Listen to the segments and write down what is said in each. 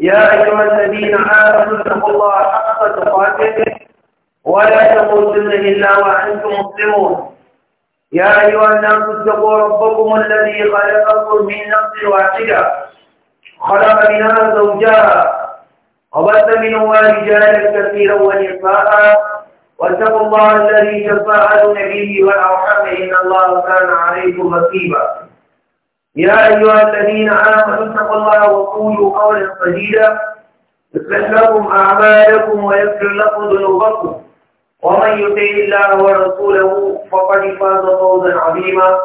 يا أيها الذين آمنوا اتقوا الله حق تقاته ولا تموتن إلا وأنتم مسلمون يا أيها الناس اتقوا ربكم الذي خلقكم من نفس واحدة خلق منها زوجها وبث منهما رجالا كثيرا ونساء واتقوا الله الذي تساءلون به والأرحم إن الله كان عليكم مصيبا يا أيها الذين آمنوا اتقوا الله وقولوا قولا سديدا يصلح لكم أعمالكم ويغفر لكم ذنوبكم ومن يطع الله ورسوله فقد فاز فوزا عظيما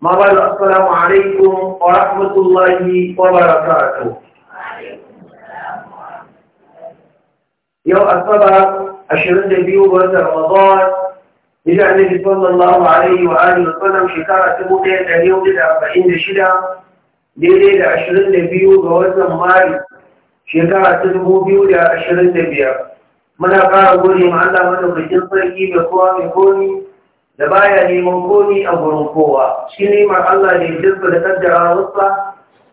ما بعد السلام عليكم ورحمة الله وبركاته يوم السبت 22 رمضان إذا النبي صلى الله عليه وآله وسلم شكرا تبوكي اليوم إلى أربعين شدة ليلة عشرين لبيو بوزن ماري شكرا تبوكي بيو إلى عشرين لبيو muna ƙara gode ma Allah madaukakin sarki mai kowa mai komi da baya neman komi a gurin kowa shi neman Allah da ya jirga da kaddara wasa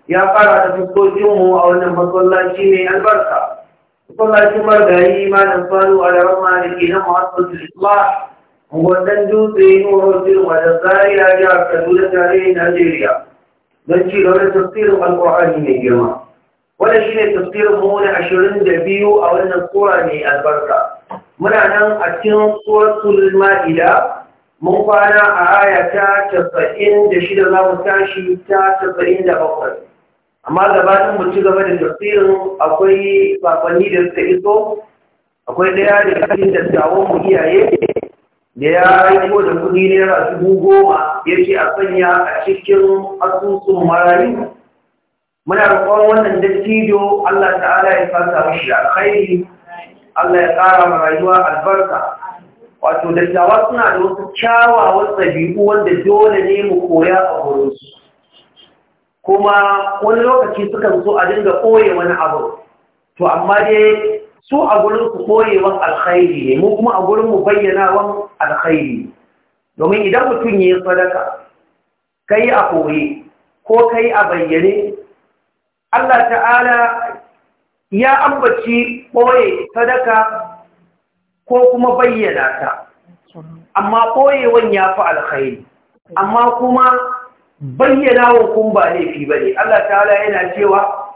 ya fara da a wannan masallaci mai albarka masallacin margari malam sanu a da rama da ke nan wannan dutse nuwar firma wajen tsari ya ji a kaduna tare najeriya don ci gaba da tafsirin alkur'ani mai girma Wani shi ne tafsirin mu na ashirin da biyu a wannan kura mai albarka muna nan a cikin suratul ma'ida mun kwana a aya ta casa'in da shida za mu tashi ta casa'in da bakwai amma gabanin mu ci gaba da tafsirin akwai bakwanni da suka iso akwai ɗaya da cikin dattawan mu iyaye da ya ko da kudi naira dubu goma ya ce a sanya a cikin asusun marayu muna roƙon wannan dattijo Allah ta'ala ya fasa mishi alkhairi Allah ya ƙara ma rayuwa albarka wato dattawa suna da wasu kyawawan ɗabi'u wanda dole ne mu koya a wurinsu kuma wani lokaci sukan so a dinga ɓoye wani abu to amma dai su a gurin ku koyewan alkhairi ne mu kuma a gurin mu bayyanawan alkhairi domin idan mutum ya yi sadaka kai a koye ko kai a bayyane Allah ta'ala ya ambaci koye sadaka ko kuma bayyana ta amma koyewan ya fi alkhairi amma kuma bayyana kun ba laifi ba ne Allah ta'ala yana cewa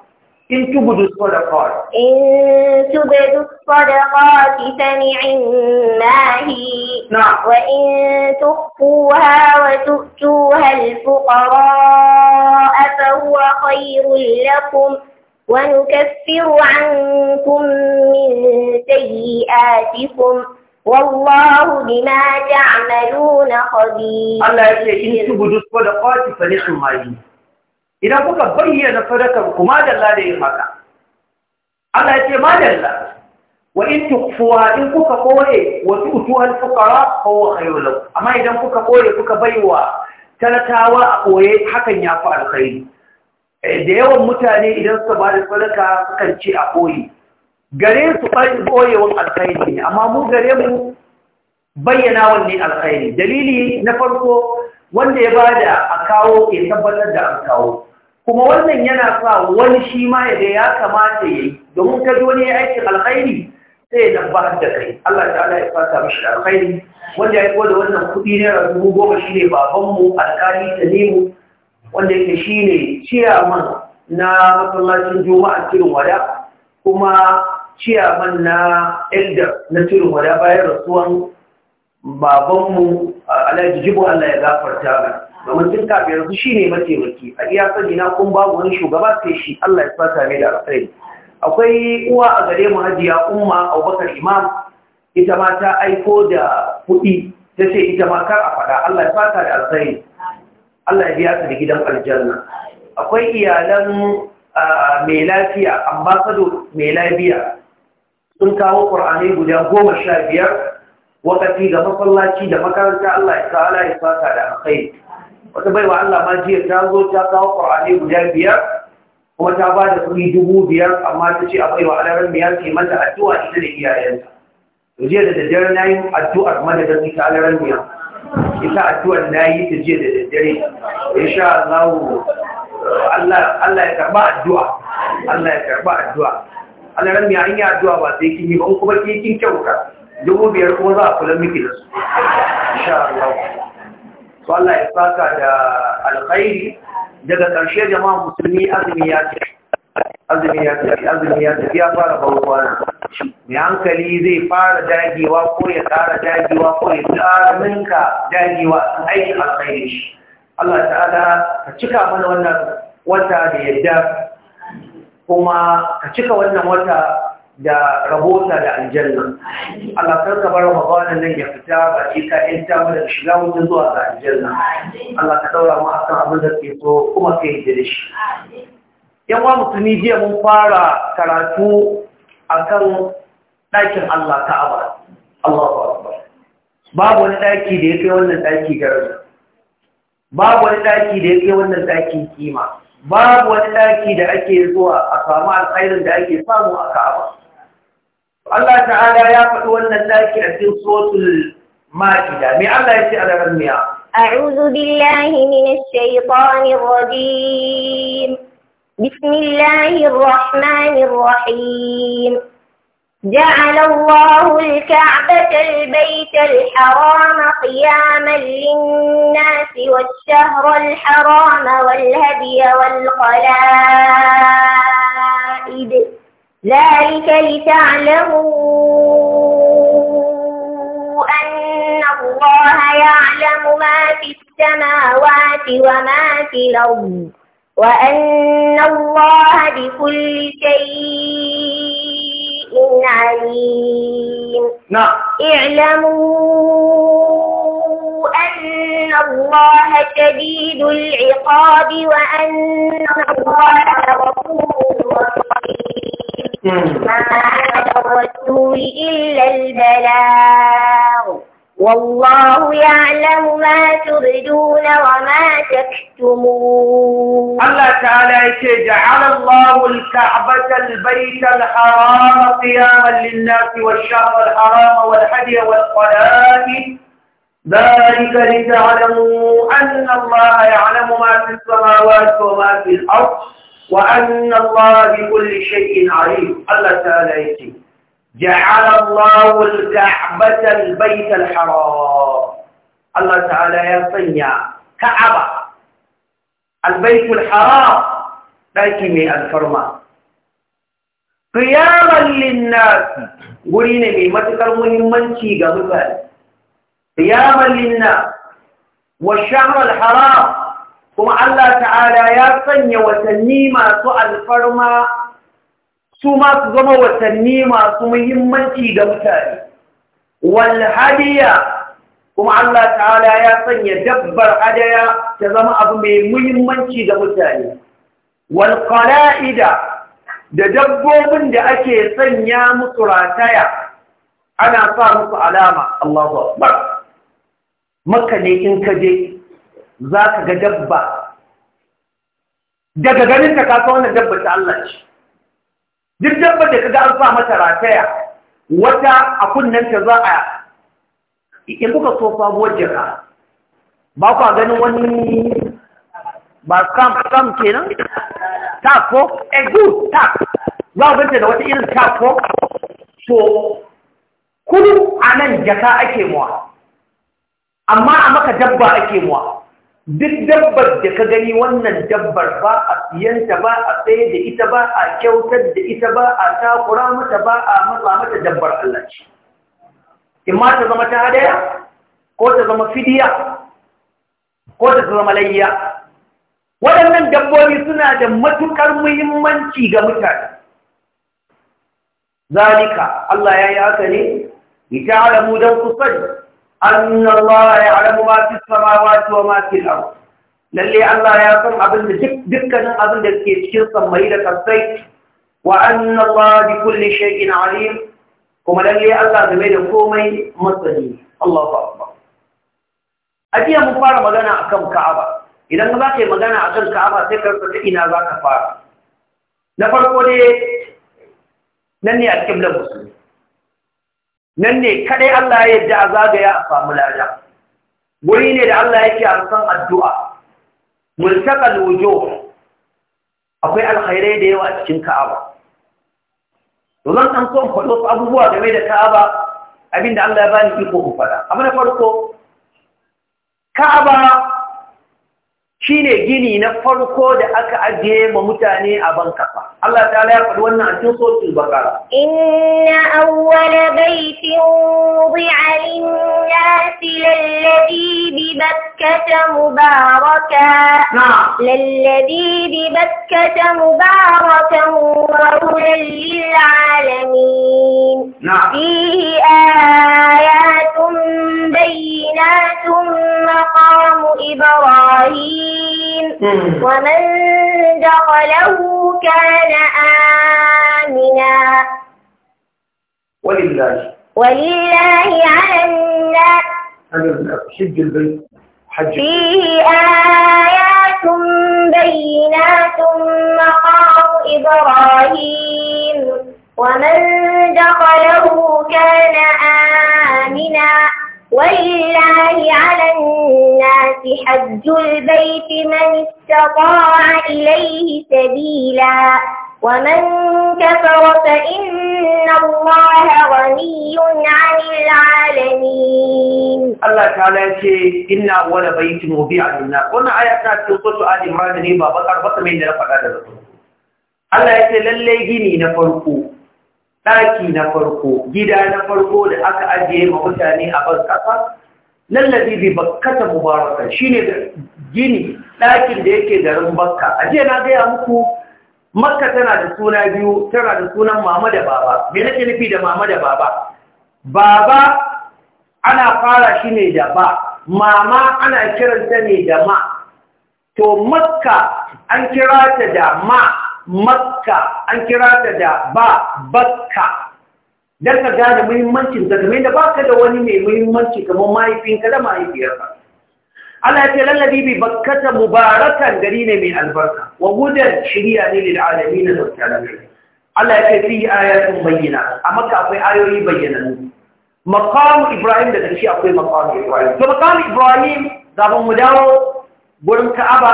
إن تبدوا الصدقات إن تبدوا الصدقات فنعما هي نعم وإن تخفوها وتؤتوها الفقراء فهو خير لكم ونكفر عنكم من سيئاتكم والله بما تعملون خبير الله يقول إن تبدوا الصدقات فنعما هي idan kuka bayyana sadakar ku madalla da yin haka Allah ya ce madalla wa in in kuka kore wa tu'tuha al-fuqara fa huwa amma idan kuka kore kuka baiwa talatawa a koye hakan ya fi alkhairi eh, da yawan mutane idan suka ba da sadaka sukan ce a koyi gare su ɓari ɓoyewan alkhairi amma mu gare mu bayyana wannan alkhairi dalili na farko wanda ya bada a kawo ke tabbatar da an kawo kuma wannan yana sa wani shi ma ya ya kamata ya yi domin ka ji aikin alkhairi sai ya ba da kai Allah ta Allah ya fata mashi alkhairi wanda ya kowa da wannan kuɗi naira dubu goma shi ne babanmu alkali nemo wanda yake shi ne ciyaman na masallacin juma'a cikin wada kuma ciyaman na eldar na cikin wada bayan rasuwan babanmu alhaji jibo Allah ya gafarta mai domin tun kafin yanzu shi ne mataimaki a iya sani na kun babu wani shugaba sai shi Allah ya sa mai da alkhairi akwai uwa a gare mu hajiya umma abubakar imam ita ma ta aiko da kuɗi ta ce ita ma kar a faɗa Allah ya saka da alkhairi Allah ya biya ta da gidan aljanna akwai iyalan mai lafiya ambassador mai lafiya sun kawo ƙur'anai guda goma sha biyar wakati ga masallaci da makaranta Allah ya ta'ala ya da alkhairi wata baiwa Allah ma jiya ta zo ta kawo ƙwarane guda biyar kuma ta ba da kuɗi dubu biyar amma ta ce a baiwa alarar miya ke mata addu'a ita da iyayenta to jiya da daddare na yi addu'ar madadin ita alarar miya ita addu'ar na yi ta jiya da daddare sha Allah Allah ya karɓa addu'a Allah ya karɓa addu'a alarar miya an yi addu'a ba sai kin yi ba kuma kin kyauta dubu biyar kuma za a kula miki da su insha Allah su Allah ya saka da alkhairi daga ƙarshe jama'a musulmi azumi ya ce azumi ya tafi azumi ya tafi ya fara bankwana mai hankali zai fara dagewa ko ya ƙara dagewa ko ya tsara ninka dagewa aikin alkhairi shi Allah ta'ala ka cika mana wannan wata da yadda kuma ka cika wannan wata da rahota da aljanna Allah kan ka bar Ramadanan nan ya fita ba ce ka yanta mu da shiga wajen zuwa ga aljanna Allah ka daura mu akan abin da ke so kuma ka yi da shi yan wa mutum jiya mun fara karatu akan ɗakin Allah aba. Allahu akbar babu wani ɗaki da ya kai wannan ɗaki garin babu wani ɗaki da ya kai wannan ɗakin kima babu wani ɗaki da ake zuwa a samu alƙairin da ake samu a Ka'aba الله تعالى يا faɗi wannan taki صوت المائدة من الله يسأل Allah أعوذ بالله من الشيطان الرجيم بسم الله الرحمن الرحيم جعل الله الكعبة البيت الحرام قياما للناس والشهر الحرام والهدي والقلائد ذلك لتعلموا أن الله يعلم ما في السماوات وما في الأرض وأن الله بكل شيء عليم نعم اعلموا أن الله شديد العقاب وأن الله غفور رحيم ما على الرسول إلا البلاغ والله يعلم ما تبدون وما تكتمون الله تعالى جعل الله الكعبة البيت الحرام قياما للناس والشهر الحرام والحدي والصلاة ذلك لتعلموا أن الله يعلم ما في السماوات وما في الأرض wa annan ba bi kulle shaƙi na ri Allah ta da yake jahalar lawul da'batar baitar haro Allah ta da ya sanya ka'aba albaitul haro ɗaki mai alfarma ƙiyamar linnasi guri ne mai matuƙar muhimmanci ga mutane ƙiyamar linnasi wa shahar haro kuma Allah ta'ala ya sanya watanni masu alfarma su ma su zama watanni masu muhimmanci da mutane wal hadiya kuma Allah ta'ala ya sanya dabbar adaya ta zama abu mai muhimmanci da mutane wal qala'ida da dabbobin da ake sanya musu rataya ana sa musu alama Allahu akbar maka ne in kaje za ka ga dabba daga ganin ta kasa wannan dabba ta Allah ce duk dabba da ka ga alfa mata rataya wata a ta za a in kuka so sabuwar jaka ba kwa ganin wani ba kam kam kenan ta ko a eh, good ta za ku ganta da wata irin ta ko so kudu a nan jaka ake muwa amma a maka dabba ake muwa duk dabbar da ka gani wannan dabbar ba a siyanta ba a tsaye da ita ba a kyautar da ita ba a takura mata ba a matsa mata dabbar Allah ce in ma ta zama ta hadaya ko ta zama fidiya ko ta zama layya waɗannan dabbobi suna da matuƙar muhimmanci ga mutane zalika Allah ya yi haka ne ita alamu don kusan. أن الله يعلم ما في السماوات وما في الأرض للي الله يعلم أبن دكنا أبن دكي تشير صميلة السيد وأن الله بكل شيء عليم كما للي الله زميل كومي مصري الله أكبر أجي مفارة مغانا أكم كعبة إذا ما باقي مغانا أكم كعبة سيكر فتحينا ذاك فارة نفر قولي نني أكبر مسلم nan ne kadai Allah ya yadda a zagaya a samu lada wuri ne da Allah yake san addu'a multaka lujo, akwai alhairai da yawa a cikin Ka'aba Zan an so faɗo su abubuwa game da Ka'aba abinda Allah ya bani iko ku faɗa abu na farko Ka'aba ne gini na farko da aka ajiye ma mutane a bankasa Allah ta ya faɗi wannan a cikin sotul bakara inna awwala baitin wudi'a lin-nasi bi bakkata mubaraka na'am lalladhi bi bakkata mubarakan wa العالمين نعم فيه آيات بينات مقام إبراهيم ومن دخله كان آمنا ولله ولله على الناس حج البيت حج فيه آيات بينات مقام إبراهيم ومن دخله كان آمنا ولله على الناس حج البيت من استطاع إليه سبيلا ومن كفر فإن الله غني عن العالمين الله تعالى يقول إن أول بيت مبيع للناس قلنا آياتنا تنقص آل إمران نيبا بطر بطر من نفق هذا الله يقول للي جيني نفرقوه ɗaki na farko gida na farko da aka ajiye ma mutane a ban ƙasa lallabi bi bakkata mubaraka shine gini ɗakin da yake garin bakka a jiya na gaya muku makka tana da suna biyu tana da sunan mama da baba me nake nufi da mama da baba baba ana fara shi ne da ba mama ana kiranta ne da ma to makka an kira ta da ma makka an kira ta da ba bakka don ka gane muhimmancin ta game da ba ka da wani mai muhimmanci kamar mahaifinka da mahaifiyarka Allah ya ce lallabi bi bakkata mubarakan gari ne mai albarka wa gudan shirya ne lil alamin da talabi Allah ya ce fi ayatun bayyana a maka akwai ayoyi bayyananu maqam Ibrahim da kashi akwai maqam Ibrahim to maqam Ibrahim gaban mu dawo gurin Ka'aba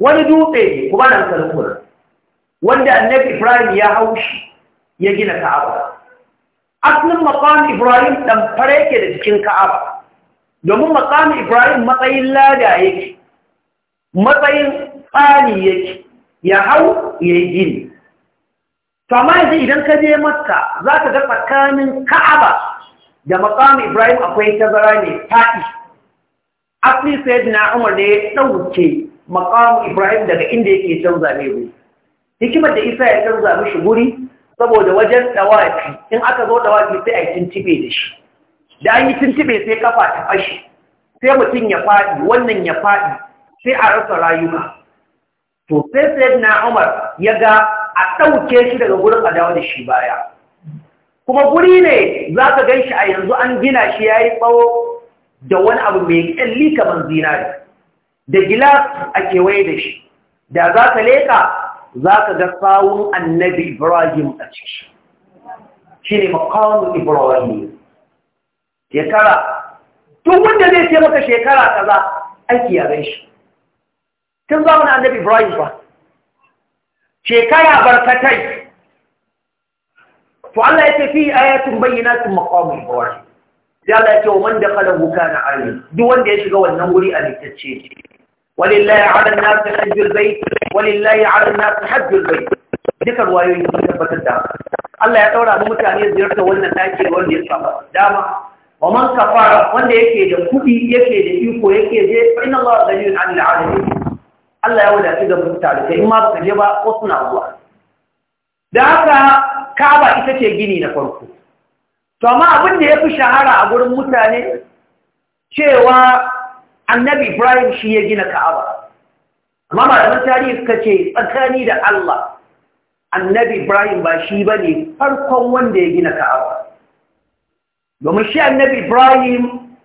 wani dutse ne kuma nan kalkura wanda annabi Ibrahim ya haushi ya gina Ka'aba asalin maqam Ibrahim dan fara yake da cikin Ka'aba domin maqam Ibrahim matsayin lada yake matsayin tsani yake ya hau ya yi gini Tama yanzu idan ka je Makka za ka ga tsakanin Ka'aba da maqam Ibrahim akwai tazara ne faɗi. Asli na Umar ne ya ɗauke maqam Ibrahim daga inda yake canza ne hikimar da isa ya canza mishi guri saboda wajen dawaki in aka zo dawaki sai a yi tuntube da shi da an yi tuntube sai kafa ta fashe sai mutum ya faɗi wannan ya faɗi sai a rasa rayuka to sai sai na umar ya ga a ɗauke shi daga gurin a dawo da shi baya kuma guri ne za ka gan shi a yanzu an gina shi ya yi tsawo da wani abu mai ƙyalli kamar zinari da gilas a kewaye da shi da za ka leka. za ka ga sawun annabi Ibrahim a ciki shi ne makamun Ibrahim shekara duk wanda zai ce maka shekara kaza aiki yare shi tun za zamanin annabi Ibrahim ba shekara barkatai to Allah ya ce fi ayatun bayyinatun makamun Ibrahim sai Allah ya ce wa wanda man dakhalahu na alim duk wanda ya shiga wannan wuri a litacce ولله على الناس حج البيت ولله على الناس حج البيت duka ruwayoyi sun tabbatar da Allah ya daura mu mutane ziyarta wannan daki wanda ya saba dama wa man kafara wanda yake da kudi yake da iko yake je fa inna Allah ghaniyun 'anil 'alamin Allah ya wadace da mutane kai in ma baka je ba wasu na zuwa da haka Kaaba ita ce gini na farko to amma abin da yafi shahara a gurin mutane cewa annabi Ibrahim shi ya gina Ka'aba amma tarihi suka ce tsakani da Allah annabi Ibrahim ba shi ba ne farkon wanda ya gina Ka'aba domin shi annabi Ibrahim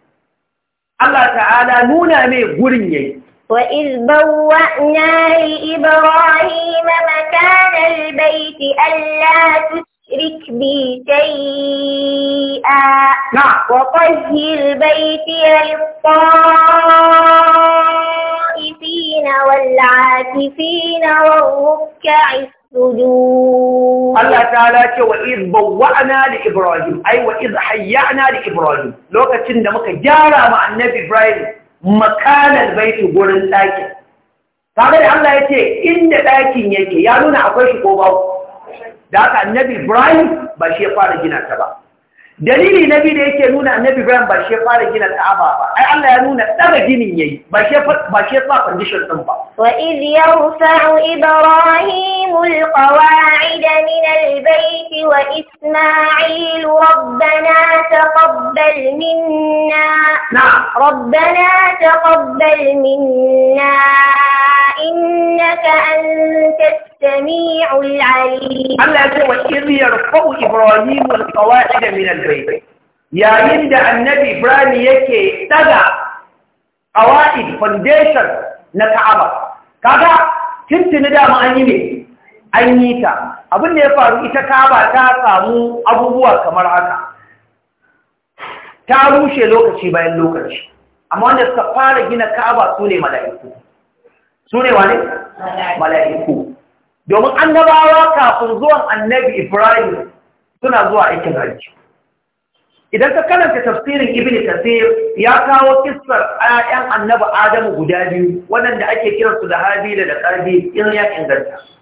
Allah ta'ala nuna mai gurin yayi وإذ بوأنا لإبراهيم مكان البيت ألا تسرع تشرك بي شيئا نعم وطهر البيت للطائفين والعاكفين والركع السجود الله تعالى وإذ بوأنا لإبراهيم أي وإذ حيعنا لإبراهيم لو كنت دمك جارة مع النبي إبراهيم مكان البيت قول الساكن تعالى الله Allah إن باكين يكي يعني أنا أقول nuna da haka annabi Ibrahim ba shi ya fara gina ta ba dalili na biyu da yake nuna annabi Ibrahim ba shi ya fara gina Ka'aba ba ai Allah ya nuna daga ginin yayi ba shi ba shi ya sa condition din ba wa iz yarfa'u ibrahim القواعد من البيت وإسماعيل ربنا تقبل منا نعم ربنا تقبل منا إنك أنت السميع العليم الله يقول وإذ يرفع إبراهيم القواعد من البيت يا عند النبي إبراهيم يكي daga قواعد فونديشن na كذا كنت tuntuni da an yi ta abin da ya faru ita kaba ta samu abubuwa kamar haka ta rushe lokaci bayan lokaci amma wanda suka fara gina kaba su ne mala'iku su ne wane? mala'iku domin annabawa kafin zuwan annabi ibrahim suna zuwa aikin hajji idan ka karanta tafsirin ibn kasir ya kawo kissar 'ya'yan annabi adamu guda biyu waɗanda ake kiransu da habila da ƙarfi in ya inganta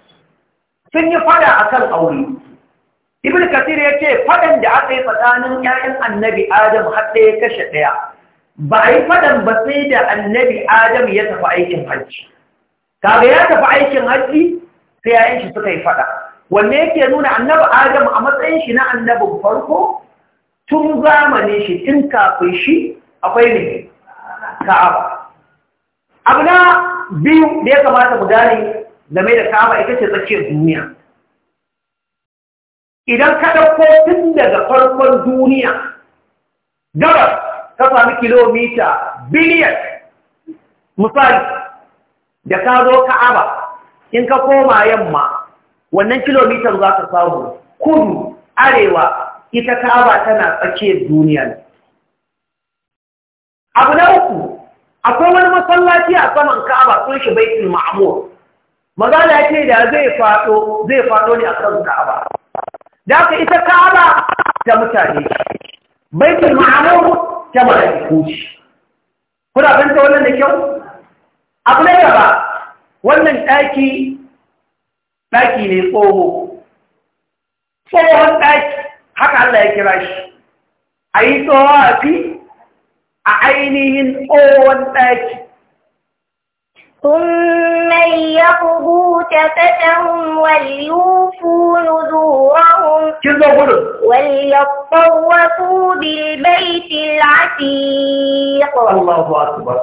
sun yi fada a kan aure ibn kasir ya ce fadan da aka yi tsakanin 'ya'yan annabi adam haɗe ya kashe ɗaya ba a yi fadan ba sai da annabi adam ya tafi aikin hajji kaga ya tafi aikin hajji sai 'ya'yan shi suka yi fada wanne yake nuna annabi adam a matsayin shi na annabin farko tun zamanin shi tun kafin shi akwai ne ka'aba abu na biyu da ya kamata mu gane game da kaba ita ce tsakiyar duniya idan ka ɗauko tun daga farkon duniya gaba ka sami kilomita biliyan misali da ka zo ka'aba in ka koma yamma wannan kilomitan za ka samu kudu arewa ita ka'aba tana tsakiyar duniya abu na uku akwai wani masallaci a saman ka'aba sun shi baitul ma'mur magana ce da zai faɗo zai faɗo ne a kan ka'aba da ka ita ka'aba ta mutane baitul ma'amur ta shi. kuna fahimta wannan da kyau abu na gaba wannan ɗaki ɗaki ne tsoho tsohon ɗaki haka Allah ya kira shi a yi tsoho a fi a ainihin tsohon ɗaki ثم ليقضوا تفتهم وليوفوا نذورهم وليطوفوا بالبيت الله أكبر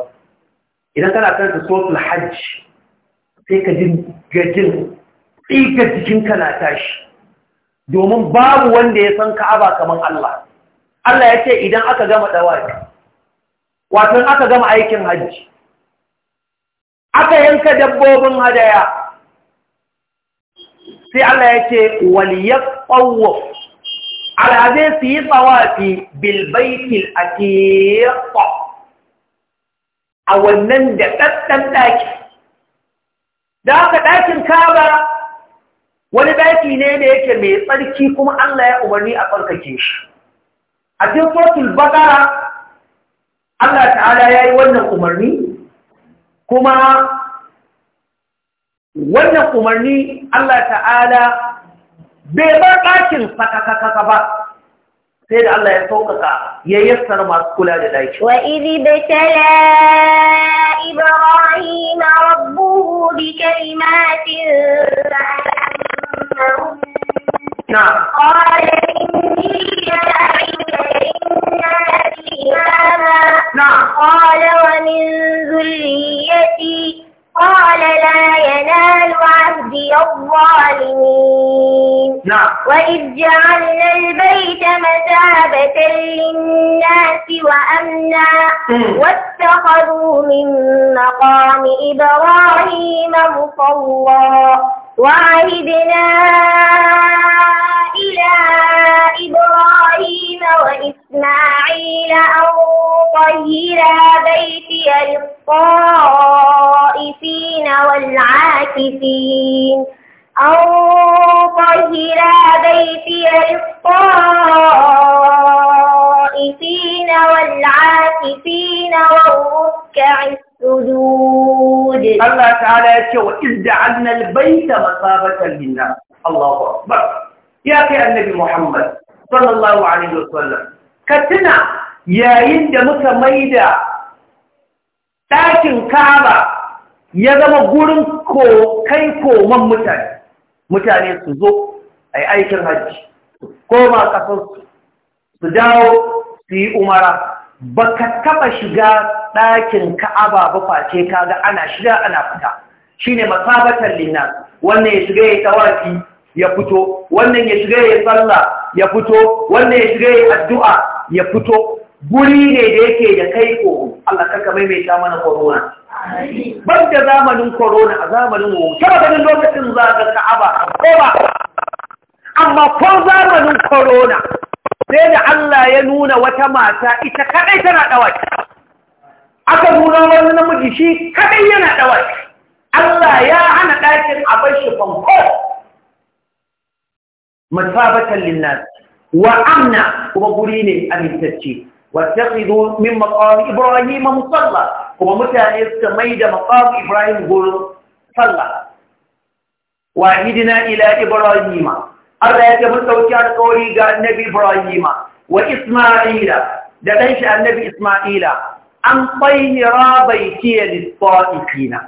إذا كان صوت الحج فيك جن jikinka na tashi domin babu wanda ya san ka'aba kamar Allah Allah ya ce idan aka gama dawaki wato aka gama aikin hajji aka yanka dabbobin hadaya sai Allah ya ce waliyar ƙwawo alhazai su yi tsawafi bilbaitil a kefa a wannan da ɗanɗan ɗakin, da haka ɗakin kaba wani ɗaki ne da yake mai tsarki kuma Allah ya umarni a tsarkake shi a cikin sotul bakara Allah ta'ala ya yi wannan umarni kuma wannan umarni Allah ta'ala bai bar ɗakin sakakakaka ba sai da Allah ya sauƙaƙa ya yassara masu kula da ɗaki. Wa iri da Ibrahim rabbuhu bi kalimatin نعم قال إني داعيك إنك إماما نعم قال ومن ذريتي قال لا ينال عهدي الظالمين نعم وإذ جعلنا البيت مثابة للناس وأمنا واتخذوا من مقام إبراهيم مصلى وعهدنا إلى إبراهيم وإسماعيل أن طهر بيتي للطائفين والعاكفين أن طهر بيتي للطائفين والعاكفين والركع sujudi Allah ta'ala ya ce wa idda anna albayta masabatan lin Allahu akbar ya kai annabi Muhammad sallallahu alaihi wasallam katina yayin da muka maida ɗakin Kaaba ya zama gurin ko kai koman mutane mutane su zo ai aikin hajji koma kafin su dawo su yi umara ba ka taɓa shiga ɗakin ka'aba ba face kaga ana shiga ana fita shi ne masabatan lina wannan ya shiga ya yi tawafi ya fito wannan ya shiga ya yi sallah ya fito wannan ya shiga ya yi addu'a ya fito guri ne da yake da kai ko Allah kaka maimaita mana korona. ban da zamanin korona a zamanin wo ta ganin lokacin zaga ka'aba ko ba amma ko zamanin korona. sai da Allah ya nuna wata mata ita kadai tana dawaki aka nuna wani namiji shi kadai yana dawaki Allah ya hana ɗakin a bar shi fanko masabatan linnas wa amna kuma guri ne amintacce wattakhidhu min maqami ibrahim musalla kuma mutane suka maida maqami ibrahim gurin sallah wahidina ila ibrahima Allah ya ce mun dauki alƙawari ga annabi Ibrahima wa Isma'ila da dan shi annabi Isma'ila an qayyira baitiya lis-sa'ifina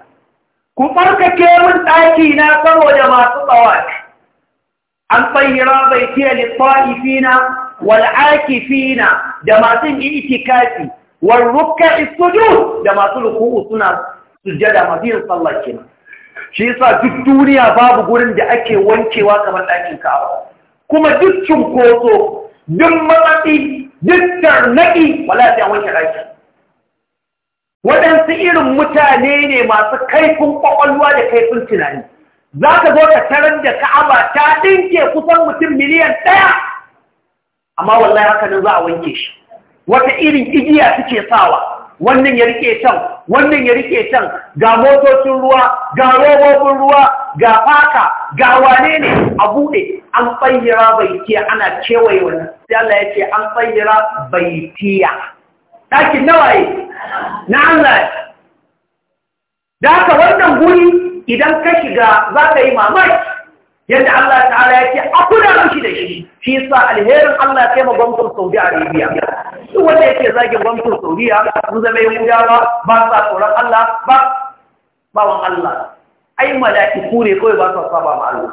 ku farkake mun daki na saboda masu tsawafi an qayyira baitiya lis-sa'ifina wal-aakifina da masu itikafi wal-ruk'i sujud da masu ruku'u suna sujjada masu yin sallah kenan shi yasa duk duniya babu gurin da ake wankewa kamar ɗakin ka'aba kuma duk cunkoso duk matsatsi duk tarnaƙi wala sai an wanke ɗakin waɗansu irin mutane ne masu kaifin ƙwaƙwalwa da kaifin tunani za ka zo ka tarar da ka'aba ta ɗinke kusan mutum miliyan ɗaya amma wallahi haka nan za a wanke shi wata irin igiya suke sawa wannan ya rike can wannan ya rike can ga motocin ruwa ga robobin ruwa ga faka ga wane ne a bude an tsayyira baitiya ana kewaye wannan sai Allah ya ce an tsayyira baitiya ɗakin waye? na Allah da haka wannan guri idan ka shiga za ka yi mamaki yadda Allah ta'ala ya ce a kula mishi da shi shi yasa alherin Allah ya ma gwamnatin Saudi Arabia duk wanda yake zagin gwamnatin Saudi sun zama Yahudawa ba sa tsoron Allah ba bawan Allah ai mala'iku ne kawai ba sa saba ma Allah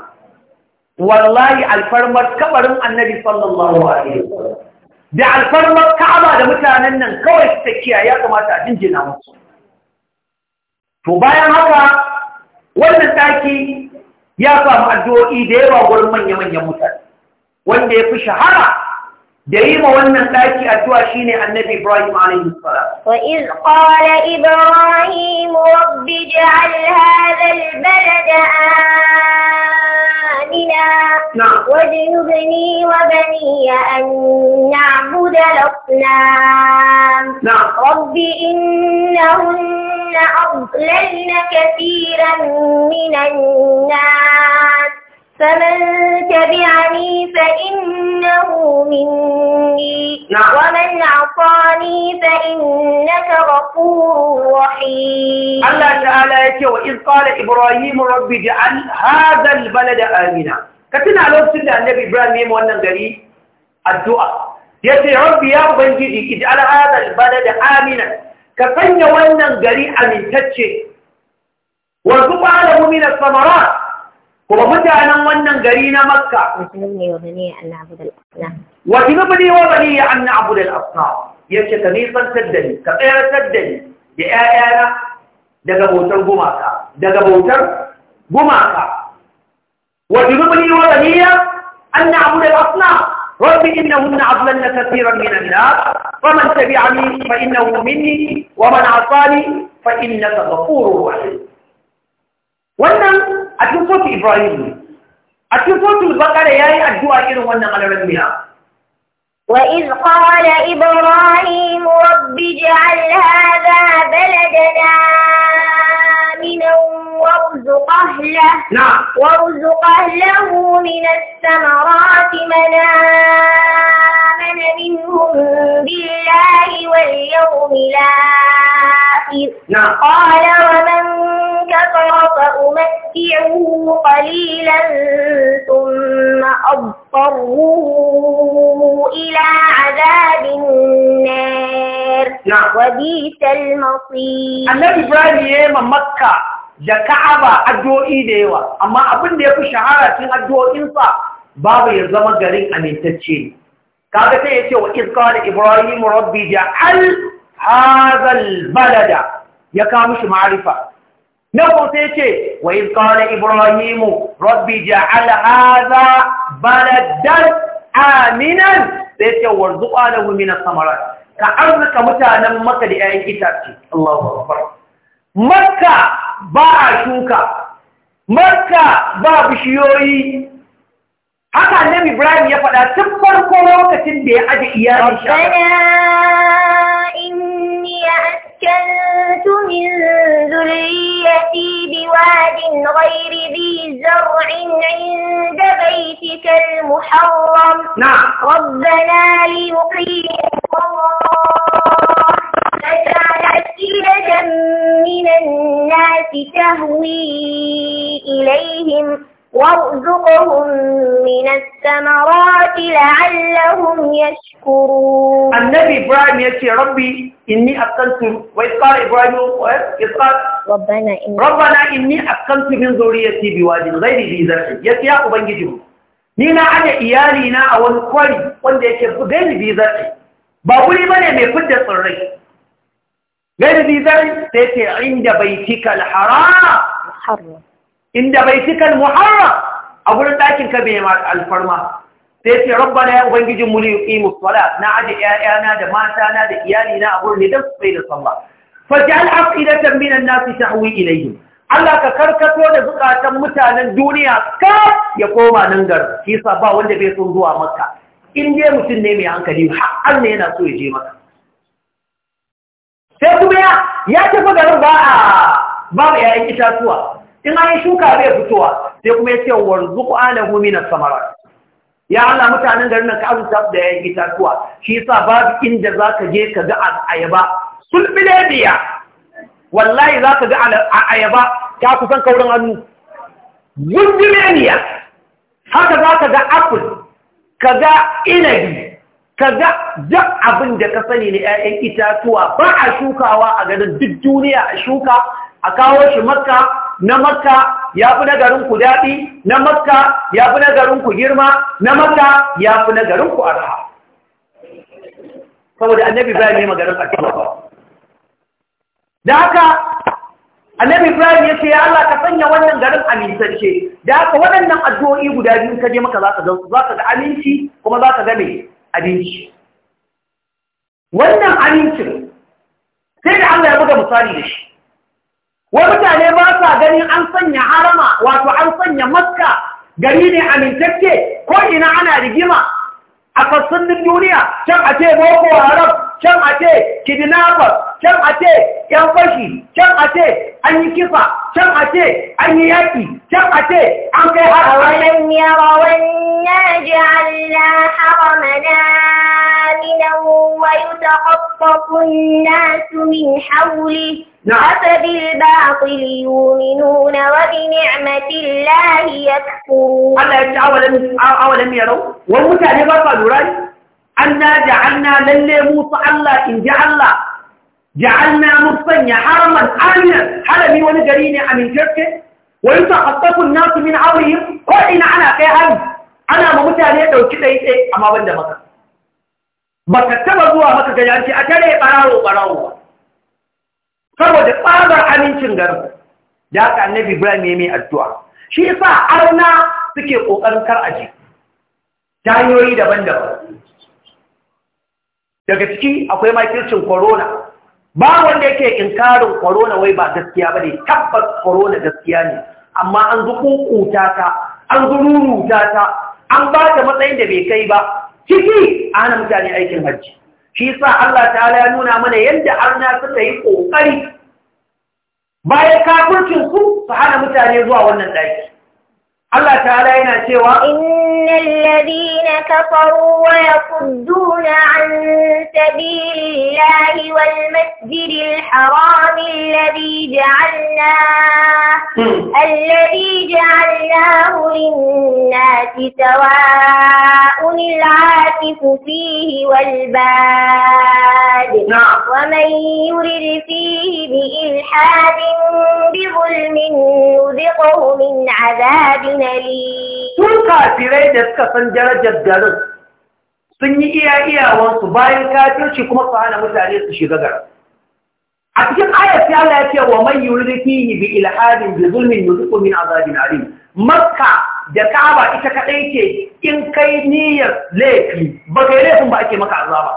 wallahi alfarmar kabarin Annabi sallallahu alaihi wasallam da alfarmar Ka'aba da mutanen nan kawai su kiyaye ya kamata a jinjina musu to bayan haka wannan taki ya samu addu'o'i da yawa gurin manya-manyan mutane wanda ya fi shahara دايما وانا تاكي اتوا شيني النبي ابراهيم عليه السلام واذ قال ابراهيم رب اجعل هذا البلد امنا نعم واجنبني وبني ان نعبد الاصنام نعم رب انهن اضللن كثيرا من الناس فمن تبعني فإنه مني نعم. ومن عصاني فإنك غفور رحيم الله تعالى يكي وإذ قال إبراهيم رب جعل هذا البلد آمنا كتنا لو سنة النبي إبراهيم وانا قريب الدعاء يتي ربي يا أبنجي اجعل هذا البلد آمنا كفن وانا قريب من تتشي وزبع له من الثمرات kuma mutanen wannan gari na makka wasnubni wa bani an na'budu al-asnam wasnubni wa bani an na'budu al-asnam yace ka nisantar da ni ka tsayar da ni da ƴaƴana daga bautar gumaka daga bautar gumaka wasnubni wa bani an na'budu al-asnam رب إنهن أضللن كثيرا من الناس فمن تبعني فإنه مني ومن عصاني فإنك غفور رحيم wannan a cikin sotu ibrahim ne a cikin sotu bakara ya yi addu'a irin wannan alarmiya وإذ قال إبراهيم رب اجعل هذا بلدنا آمنا وارزق أهله نعم وارزق أهله من الثمرات من آمن منهم بالله واليوم الآخر نعم قال ومن كفر فأمتعه قليلا ثم أضطره إلى عذاب النار نعم وبئس المصير النبي إبراهيم مكة da ka'aba addu'o'i da yawa amma abin da ya fi shahara cin addu'o'insa babu ya zama garin amintacce ne kaga sai ya ce wa iska da ibrahim rabbi ja'al hazal balada ya kawo mishi ma'arifa na kuma sai ya ce wa iska da ibrahim rabbi al haza baladan aminan sai ce warzuqa lahu min ka arzuka mutanen maka da 'ya'yan itace Allahu akbar makka ba a shuka makka ba bishiyoyi haka annabi ibrahim ya faɗa tun farko lokacin da ya aje iyalin سكنت من ذريتي بواد غير ذي زرع عند بيتك المحرم نعم ربنا ليقيموا الله من الناس تهوي إليهم وارزقهم من الثمرات لعلهم يشكرون النبي إبراهيم يأتي ربي إني أسكنت وإذ قال إبراهيم وإذ ربنا إني ربنا إني أسكنت من ذريتي بواد غير ذي زرع يأتي يا أبنجيهم نينا على إيالينا أو الكوري وإن يأتي غير ذي زرع ba wuri bane mai fitar Gaida dizari sai ce inda bai cikal haram. Inda bai cikal muharram a wurin ɗakin ka bai alfarma. Sai ce rabba na Ubangijin muni yi musuwala na aji ‘ya’yana da mata na da iyali na a wurin da su da sallah. Fasi al’af idan minan nasu sha’awi ilayhi. Allah ka karkato da zukatan mutanen duniya ka ya koma nan gar shi ba wanda bai son zuwa maka. Inde mutum ne mai hankali har ne yana so ya je maka. sai kuma ya ya tafi garin ba a babu ‘ya'yan itatuwa in an yi shuka bai fitowa sai kuma ya ce warzuku alahu minas samarar ya hana mutanen garin nan ka azurta da ‘ya'yan itatuwa shi yasa babu inda za ka je ka ga ayaba sulbile biya wallahi za ka ga ayaba ta kusan kaurin hannu gundumeniya haka za ka ga apple ka ga inabi kaga duk abin da ka sani na 'ya'yan itatuwa ba a shukawa a garin duk duniya a shuka a kawo shi makka na makka ya fi na garin ku daɗi na makka ya fi na garin ku girma na makka ya fi na garin ku arha saboda annabi ibrahim ne magarin ba. da haka annabi ibrahim ya ce ya Allah ka sanya wannan garin amintacce da haka waɗannan addu'o'i guda biyu ka je maka za ka ga aminci kuma za ka ga me abinci wannan abincin sai da Allah ya buga misali da shi mutane ba sa ganin an sanya harama wato an sanya maska gari ne amintacce ko ina ana rigima a fassunin duniya can a ce boko can a ce kidnappers can a ce yan fashi can a ce an yi kifa can a ce an yi yaƙi can a ce an kai har awalan yarawan ya ja'alna haramana minan wa yutaqaffatu an-nasu min hawlihi أفبالباطل يؤمنون وبنعمة الله يكفرون الله يجعل أولم يروا ومتعني بطل رأي an na ja'alna lalle musu Allah in ji Allah ja'alna mu sanya haraman amina harami wani gari ne a amintacce wani sa an-nasu min aure ko ina ana kai hari ana ma mutane dauki dai tsaye amma da maka Ba ka taba zuwa maka ga yanci a tare barawo ba saboda tsabar amincin garin da haka annabi Ibrahim ya mai addu'a shi yasa arna suke kokarin kar ta hanyoyi daban-daban daga ciki akwai makircin korona. ba wanda yake inkarin korona wai ba gaskiya ba ne tabbas korona gaskiya ne amma an zuƙuƙuta ta an zururuta ta an ba ta matsayin da bai kai ba ciki a hana mutane aikin hajji shi sa Allah ta'ala ya nuna mana yadda arna suka yi ƙoƙari bayan kafircin su su hana mutane zuwa wannan ɗaki الله تعالى هنا سوى إن الذين كفروا ويصدون عن سبيل الله والمسجد الحرام الذي جعلناه الذي جعلناه للناس سواء العاكف فيه والباد نعم. ومن يرد فيه بإلحاد بظلم نذقه من عذاب Sun kafirai da suka san darajar garin sun yi iya iyawansu bayan kafirci kuma su hana mutane su shiga garin. A cikin ayat ya Allah ya ce wa man yuridihi bi ilhadin bi zulmin yuziqu min azabin alim. Makka da Ka'aba ita kadai ce in kai niyyar laifi ba kai laifin ba ake maka azaba.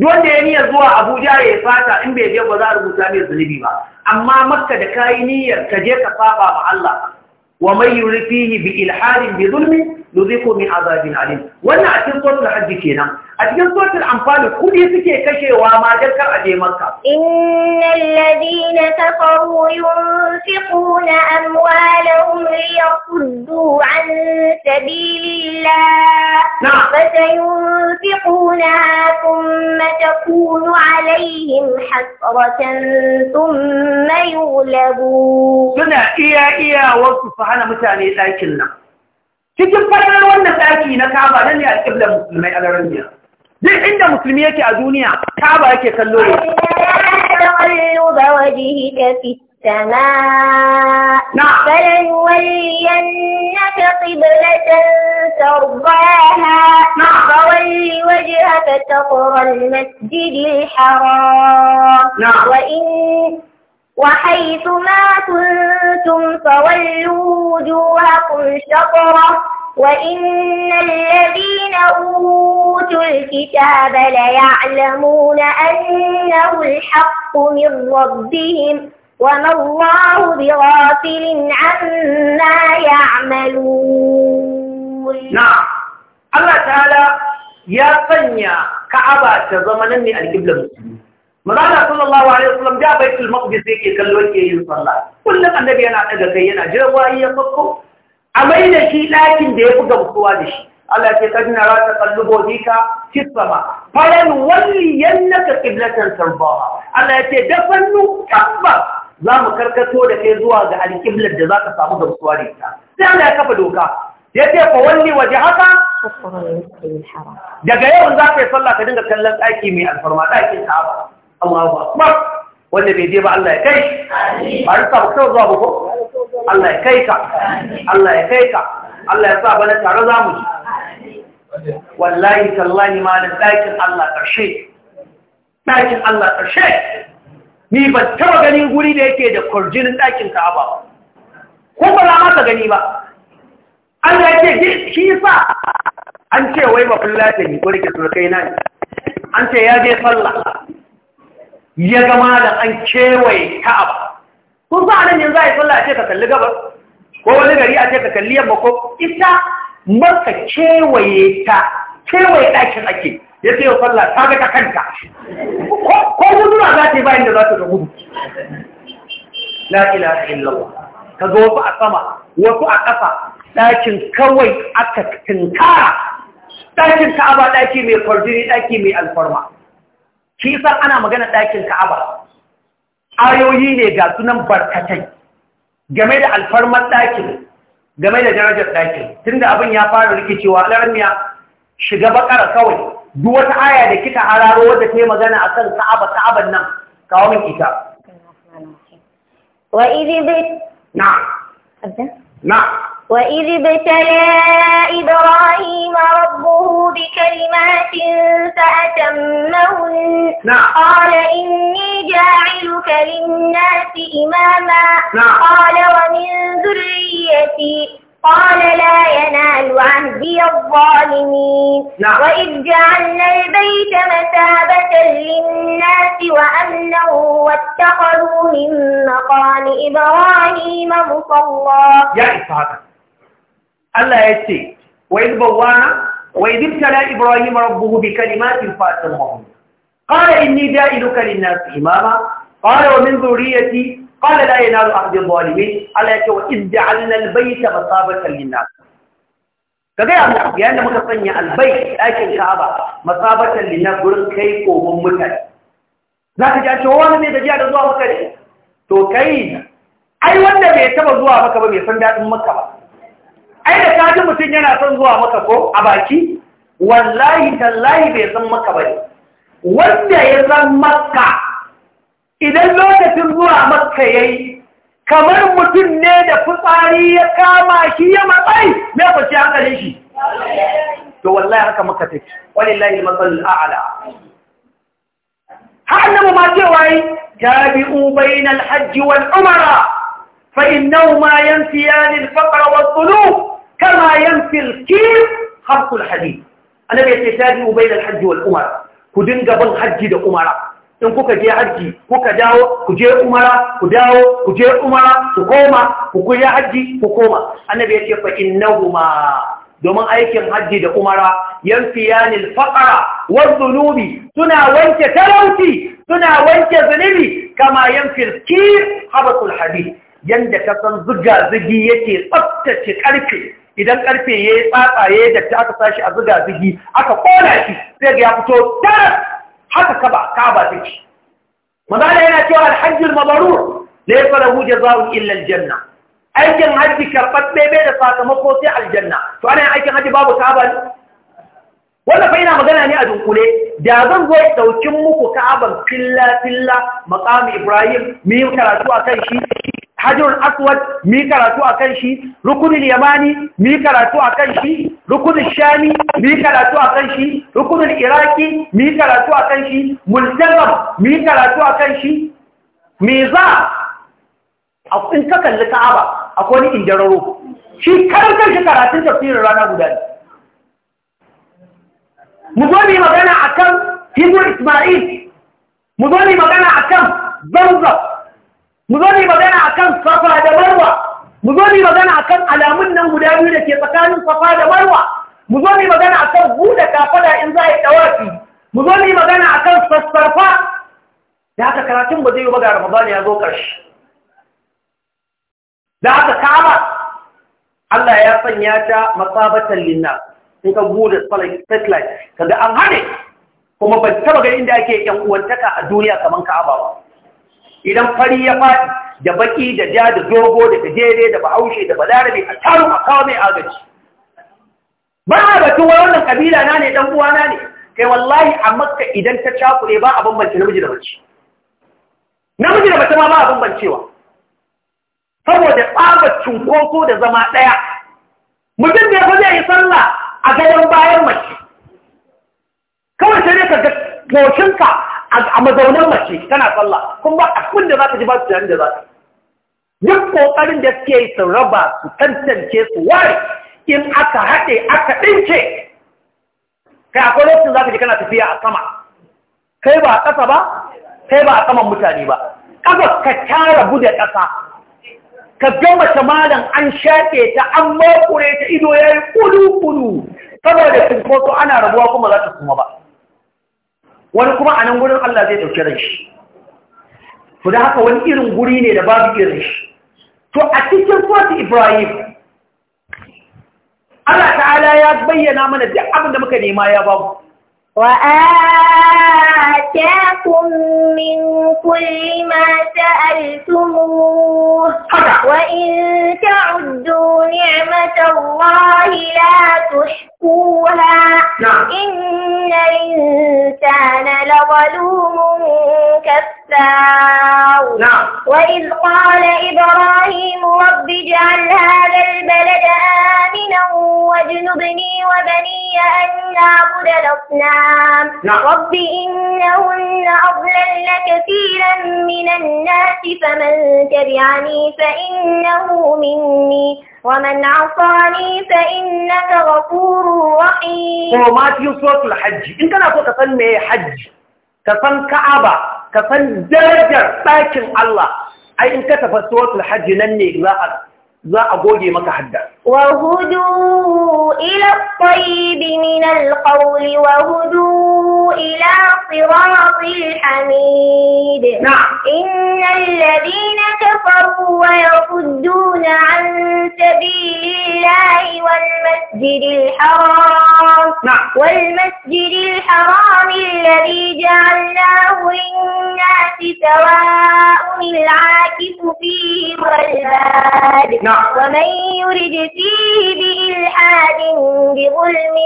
wanda ya niyyar zuwa abuja ya fata in bai je ba za a rubuta mai zunubi ba amma makka da kayi niyyar ka je ka saba ma Allah wa man yurifihi bi ilhadin bi zulmi nuziqu min azabin alim wannan a cikin suratul kenan a cikin sotul amfani kudi suke kashewa ma don kar a je makka innal ladina kafaru yunfiquna amwalahum liyasuddu an sabilillah فسينفقونها ثم تكون عليهم حسرة ثم يغلبون سنة إيا إيا وصف على متاني لكننا cikin farar wannan ɗaki na kaba nan ne a ƙiblar musulmai a daren duk inda musulmi yake a duniya kaba yake kallo ne السماء فلنولينك قبلة ترضاها فول المسجد الحرام وإن وحيث ما كنتم فولوا وجوهكم شطرة وإن الذين أوتوا الكتاب ليعلمون أنه الحق من ربهم وما الله بغافل عما يعملون نعم الله تعالى يا صنيا كعبة زمن من الكبلة مدانا صلى الله عليه وسلم جاء بيت المقدس يكلوك يصلى كل من نبينا نجد سيئنا جواهي يفكه a mai da shi ɗakin da ya fi gamsuwa da shi Allah ce kan nara ta kallubo zika fisama falan walliyannaka qiblatan sarbawa. Allah ya ce da fannu tabbas za mu karkato da kai zuwa ga alƙiblar da za ka samu gamsuwa da ita sai Allah ya kafa doka ya ce fa walli waje haka daga yau za ka yi sallah ka dinga kallon ɗaki mai alfarma ɗakin ka'aba wanda bai je ba Allah ya kai ba rika ba kawai zuwa bako Allah ya kai ka Allah ya kai ka Allah ya sa bana tare za mu ji wallahi tallahi malam ɗakin Allah ƙarshe ɗakin Allah ƙarshe ni ba taɓa ganin guri da yake da kurjinin ɗakin ba. ko ba za ma ka gani ba Allah ya ce shi sa an ce wai ba fulla ta ni ko rike surkai na an ce ya je sallah ya gama da an kewaye ka'aba kun sa nan yanzu a yi sallah a ce ka kalli gabar ko wani gari a ce ka kalli yamma ko ita maka kewaye ta kewaye ɗakin ake ya ce yau sallah ta ga ta kanta ko gudura za ta yi bayan da za ta da gudu la ilaha illallah ka ga wasu a sama wasu a ƙasa ɗakin kawai aka tinkara ɗakin ka'aba ɗaki mai kwarjini ɗaki mai alfarma shi san ana magana ɗakin ka'aba ayoyi ne ga sunan barkatai game da alfarmar ɗakin game da darajar ɗakin tunda abin ya fara rikicewa alarmiya shiga baƙara kawai duk wata aya da kika hararo wadda ta yi magana a kan ka'aba ka'aban nan kawo min ita wa na na وإذ ابتلى إبراهيم ربه بكلمات فأتمهن نعم. قال إني جاعلك للناس إماما نعم. قال ومن ذريتي قال لا ينال عهدي الظالمين نعم. وإذ جعلنا البيت مثابة للناس وأمنا واتخذوا من مقام إبراهيم مصلى يا إسحاق Allah ya ce wai iz bawana wai iz ibtala ibrahim rabbuhu bi kalimatin fa atammahum qala inni ja'iluka lin-nasi imama qala wa min dhurriyyati qala la yanalu ahdi adh-dhalimin Allah ya ce wa iz ja'alna al-bayta masabatan lin-nas kaga ya mu yanda muka sanya albai ɗakin dakin Ka'aba masabatan lin-nas gurin kai komon mutane Za ji a cewa wani ne da jiya da zuwa maka ne to kai ai wanda bai taba zuwa maka ba mai san daɗin maka ba ai da ka mutum yana son zuwa maka ko a baki wallahi tallahi bai san maka bane wanda ya san maka idan lokacin zuwa maka yayi kamar mutum ne da fitsari ya kama shi ya matsayi me ku ci hankalin shi to wallahi haka maka take wallahi al-masal a'la mu ma cewa yi jabi'u bainal hajji wal umara fa innahuma yansiyani al-faqra wal dhunub كما ينفي الكيف حرف الحديث أنا بيتساجئ بين الحج والأمر كدنجا بن حج دا أمرا in kuka je hajji kuka dawo ku je umara ku dawo ku je umara ku koma ku kuya hajji ku koma annabi ce fa innahuma domin aikin hajji da umara yanfiyani alfaqara wadh-dhunubi suna wanke talauci suna wanke zunubi kama yanfi alkir habatul hadid yanda ka san zuga zugi yake tsaftace ƙarfe. idan karfe ya yi tsatsaye da ta aka sashi a zuga zugi aka kona shi sai ga ya fito daras haka kaba ba ta ci mazala yana cewa alhajjul mabarur laysa lahu jazaa'un illa aljanna aikin hajji karɓaɓɓe bai da sakamako sai aljanna to ana yin aikin hajji babu kaba ne wannan fa ina magana ne a dunkule da zan zo ɗaukin muku ka'aban filla filla maqami ibrahim mu yi karatu akan shi hajjul aswad mi karatu akan shi rukunin yamani mi karatu akan shi rukunin shami mi karatu akan shi rukunin iraki mi karatu akan shi multazam mi karatu akan shi me za a in ka kalli ka'aba akwai wani indararo shi karantar shi karatun tafsirin rana guda ne mu zo ne magana akan hibur isma'il mu zo ne magana akan zanzan mu zo ne magana akan safa da marwa mu zo ne magana akan alamun nan guda biyu da ke tsakanin safa da marwa mu zo ne magana akan buɗe kafada in za a yi ɗawafi mu zo ne magana akan sassarfa da haka karatun ba zai yi ba ga ramadan ya zo ƙarshe da haka kama Allah ya sanya ta masabatan linnas in ka buɗe satellite kaga an hane kuma ban taba ga inda ake yan uwantaka a duniya kaman Ka'aba ba idan fari ya faɗi da baki da ja da dogo da gajere da bahaushe da balarabe a taru a kawo mai agaji ba a batun wannan ƙabila na ne dan uwana ne kai wallahi a makka idan ta cakure ba a bambance namiji da mace namiji da mace ma ba a bambancewa saboda tsaba cunkoso da zama ɗaya mutum da ya fi zai yi sallah a gaban bayan mace kawai sai ne ka ga goshinka a mazaunin mace tana sallah kuma ba abin da za ta ji ba su yanda za ta duk kokarin da suke yi su raba su tantance su ware in aka haɗe aka ɗince kai akwai lokacin za ka ji kana tafiya a sama kai ba a ƙasa ba kai ba a saman mutane ba ƙasa ka tara bude ƙasa ka gama malam an shaƙe ta an makure ta ido ya yi kudu-kudu saboda cinkoso ana rabuwa kuma za ta kuma ba wani kuma a nan gudun Allah zai ɗauki ran shi ku da haka wani irin guri ne da babu irin to a cikin suwatu ibrahim Allah ta'ala ya bayyana mana duk abin da muka nema ya babu وآتاكم من كل ما سألتموه وإن تعدوا نعمة الله لا تحصوها قولا نعم. إن الإنسان لظلوم كفار نعم. وإذ قال إبراهيم رب اجعل هذا البلد آمنا واجنبني وبني أن نعبد الأصنام نعم. رب إنهن أضلل كثيرا من الناس فمن تبعني فإنه مني ومن عصاني فإنك غفور رحيم وماتيو سورة الحج إن كان أقول كسن مي حج كسن كعبة كسن درجة ساكن الله أي إن كتب سورة الحج نني لا أقول مك حدث وهدوا إلى الطيب من القول وهدوا إلى صراط الحميد نعم. إن الذين كفروا ويصدون عن سبيل الله والمسجد الحرام نعم. والمسجد الحرام الذي جعلناه للناس سواء العاكف فيه والباد نعم. ومن يرد فيه بإلحاد بظلم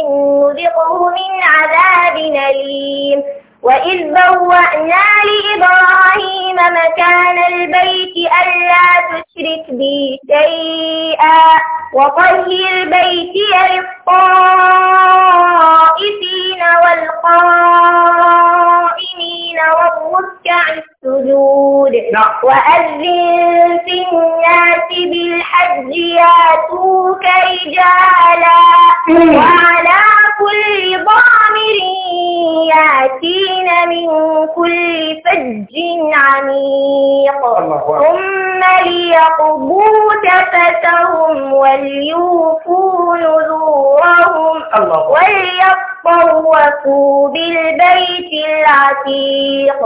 نذقه من عذاب أليم وإذ بوأنا لإبراهيم مكان البيت ألا تشرك بي شيئا وطهر بيتي للطائفين والقائمين والركع السجود نعم. وأذن في الناس بالحج ياتوك رجالا وعلى كل ضامر ياتين من كل فج عميق ثم ليقضوا تفتهم وليوفوا نذورهم وليطوفوا بالبيت العتيق